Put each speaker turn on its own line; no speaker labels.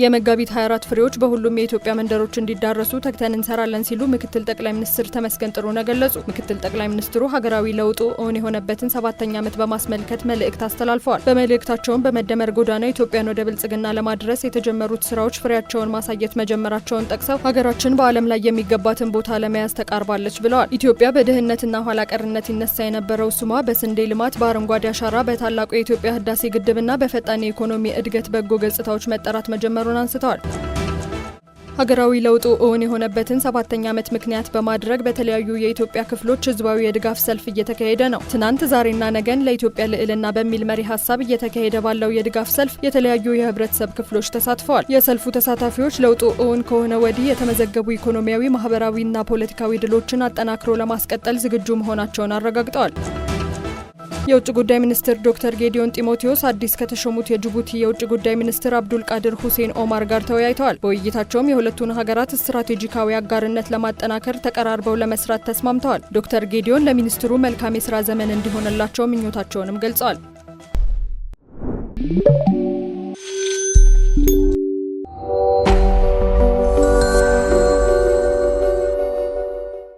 የመጋቢት 24 ፍሬዎች በሁሉም የኢትዮጵያ መንደሮች እንዲዳረሱ ተግተን እንሰራለን ሲሉ ምክትል ጠቅላይ ሚኒስትር ተመስገን ጥሩነህ ገለጹ። ምክትል ጠቅላይ ሚኒስትሩ ሀገራዊ ለውጡ እውን የሆነበትን ሰባተኛ ዓመት በማስመልከት መልእክት አስተላልፈዋል። በመልእክታቸውም በመደመር ጎዳና ኢትዮጵያን ወደ ብልጽግና ለማድረስ የተጀመሩት ስራዎች ፍሬያቸውን ማሳየት መጀመራቸውን ጠቅሰው ሀገራችን በዓለም ላይ የሚገባትን ቦታ ለመያዝ ተቃርባለች ብለዋል። ኢትዮጵያ በድህነትና ኋላ ቀርነት ይነሳ የነበረው ስሟ በስንዴ ልማት፣ በአረንጓዴ አሻራ፣ በታላቁ የኢትዮጵያ ህዳሴ ግድብና በፈጣን የኢኮኖሚ እድገት በጎ ገጽታዎች መጠራት መጀመሩ መጀመሩን አንስተዋል። ሀገራዊ ለውጡ እውን የሆነበትን ሰባተኛ ዓመት ምክንያት በማድረግ በተለያዩ የኢትዮጵያ ክፍሎች ህዝባዊ የድጋፍ ሰልፍ እየተካሄደ ነው። ትናንት፣ ዛሬና ነገን ለኢትዮጵያ ልዕልና በሚል መሪ ሀሳብ እየተካሄደ ባለው የድጋፍ ሰልፍ የተለያዩ የህብረተሰብ ክፍሎች ተሳትፈዋል። የሰልፉ ተሳታፊዎች ለውጡ እውን ከሆነ ወዲህ የተመዘገቡ ኢኮኖሚያዊ፣ ማህበራዊና ፖለቲካዊ ድሎችን አጠናክሮ ለማስቀጠል ዝግጁ መሆናቸውን አረጋግጠዋል።
የውጭ ጉዳይ ሚኒስትር ዶክተር ጌዲዮን ጢሞቴዎስ አዲስ ከተሾሙት የጅቡቲ የውጭ ጉዳይ ሚኒስትር አብዱልቃድር ሁሴን ኦማር ጋር ተወያይተዋል። በውይይታቸውም የሁለቱን ሀገራት ስትራቴጂካዊ አጋርነት ለማጠናከር ተቀራርበው ለመስራት ተስማምተዋል። ዶክተር ጌዲዮን ለሚኒስትሩ መልካም የስራ ዘመን እንዲሆንላቸው ምኞታቸውንም ገልጸዋል።